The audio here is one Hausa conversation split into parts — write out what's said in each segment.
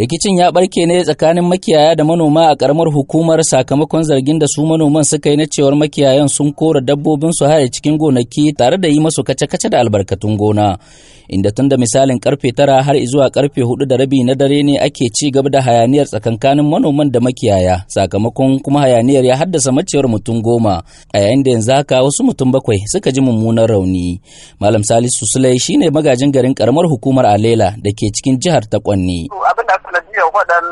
Rikicin ya barke ne tsakanin makiyaya da manoma a karamar hukumar sakamakon zargin da su manoman suka yi na cewar makiyayan sun kora dabbobin su haye cikin gonaki tare da yi masu kace-kace da albarkatun gona. Inda tun da misalin karfe tara har zuwa karfe hudu da rabi na dare ne ake ci gaba da hayaniyar tsakankanin manoman da makiyaya sakamakon kuma hayaniyar ya haddasa macewar mutum goma a yayin da yanzu haka wasu mutum bakwai suka ji mummunan rauni. Malam Salisu Sulai shine magajin garin karamar hukumar Alela da ke cikin jihar Takwanni. sanadiyar waɗan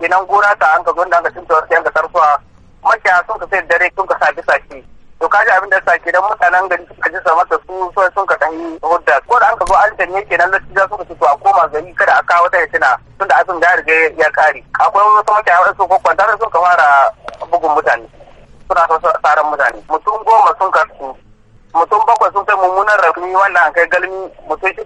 binan gona ta an ka zo da an ka cinta wasu yanka tarsuwa a sun ka sai dare sun ka sake sake to kaji abin da sake don mutanen gari suka ji sama da su so sun ka ɗanyi hudda ko da an ka zo an janye kenan lati za su ka to a koma gari kada a kawo ta tana tun da abin da riga ya kare akwai wasu makiya wasu ko kwantar sun ka fara bugun mutane suna so tsaron mutane mutum goma sun karsu mutum bakwai sun kai mummunan rauni wannan an kai galmi mutum shi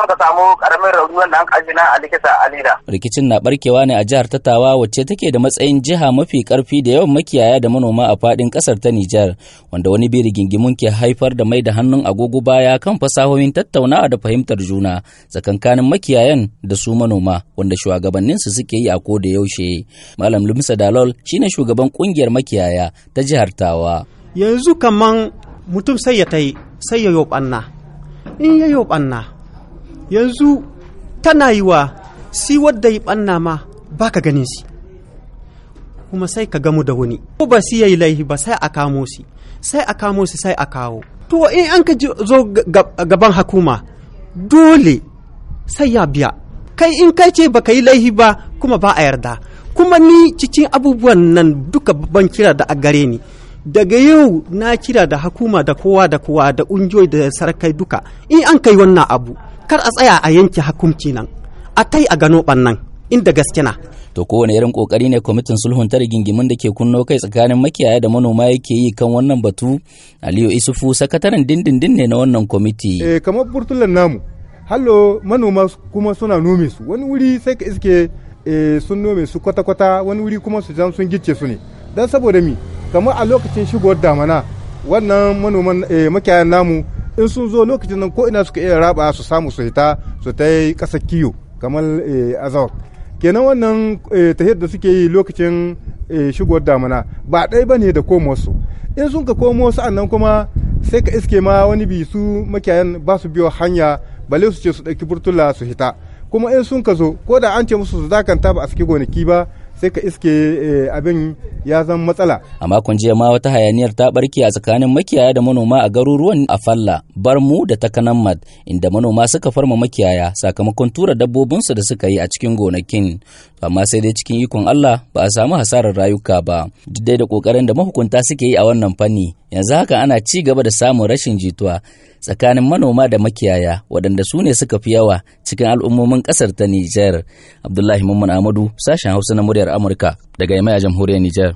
zaka samu karamin rauni wanda an kaji a likita alida. Rikicin na barkewa ne a jihar Tattawa wacce take da matsayin jiha mafi karfi da yawan makiyaya da manoma a fadin kasar ta Nijar wanda wani bi rigingimun ke haifar da mai da hannun agogo baya kan fasahohin tattaunawa da fahimtar juna tsakankanin makiyayan da su manoma wanda shugabannin su suke yi a ko da yaushe. Malam Lumsa Dalol shine shugaban kungiyar makiyaya ta jihar Tawa. Yanzu kaman mutum sai ya tai sai ya yobanna. In ya yobanna yanzu tana yi wa si wadda yi ɓanna ma ba ka ganin si kuma sai ka gamu da wani ko ba si yayi laihi ba sai a kamo si sai a kamo si sai a kawo to in an ka zo gaban hakuma dole sai ya biya kai in kai ce ba ka yi laihi ba kuma ba a yarda kuma ni cikin abubuwan nan duka ban kira da a gare ni daga yau na kira da hakuma da kowa da kowa da ƙungiyoyi da sarakai duka in an kai wannan abu kar a tsaya a yanke hukunci nan a tai a gano bannan inda gaske na to kowane irin kokari ne kwamitin sulhun ta rigingimin da ke kunno kai tsakanin makiyaya da manoma yake yi kan wannan batu aliyu isufu sakataren dindindin ne na wannan kwamiti eh kamar burtulan namu hallo manoma kuma suna nome su wani wuri sai ka iske eh, sun nome su kwata-kwata wani wuri kuma su sun gicce su ne don saboda mi kamar a lokacin shigowar damana wannan manoman eh, makiyayan namu in sun zo lokacin nan ko ina suka iya raba su samu su hita su ta yi ƙasa kiyo kamar eh, azawak kenan wannan eh, tahiyar da suke yi lokacin shigowar damana ba ɗai ba ne da komosu in sun ka komo annan kuma sai ka iske ma wani bi su makiyayan ba su biyo hanya bale su ce su ɗauki burtula su hita kuma in sun ka zo ko da an ce musu su zakanta ba a suke gonaki ba sai ka iske eh, abin ya zama matsala. A makon jiya ma wata hayaniyar ta barke a tsakanin makiyaya da manoma a garuruwan Afalla, Barmu da Takanammat inda manoma suka farma makiyaya sakamakon tura dabbobinsu da suka yi a cikin gonakin. Amma sai dai cikin ikon Allah ba a samu hasarar rayuka ba. Duk dai da kokarin da mahukunta suke yi a wannan fanni, yanzu haka ana ci gaba da samun rashin jituwa tsakanin manoma da makiyaya waɗanda su ne suka fi yawa cikin al'ummomin ƙasar ta Nijar. Abdullahi Mamman Amadu, sashen Hausa na muryar Amurka daga Yamaya Jamhuriyar Nijar.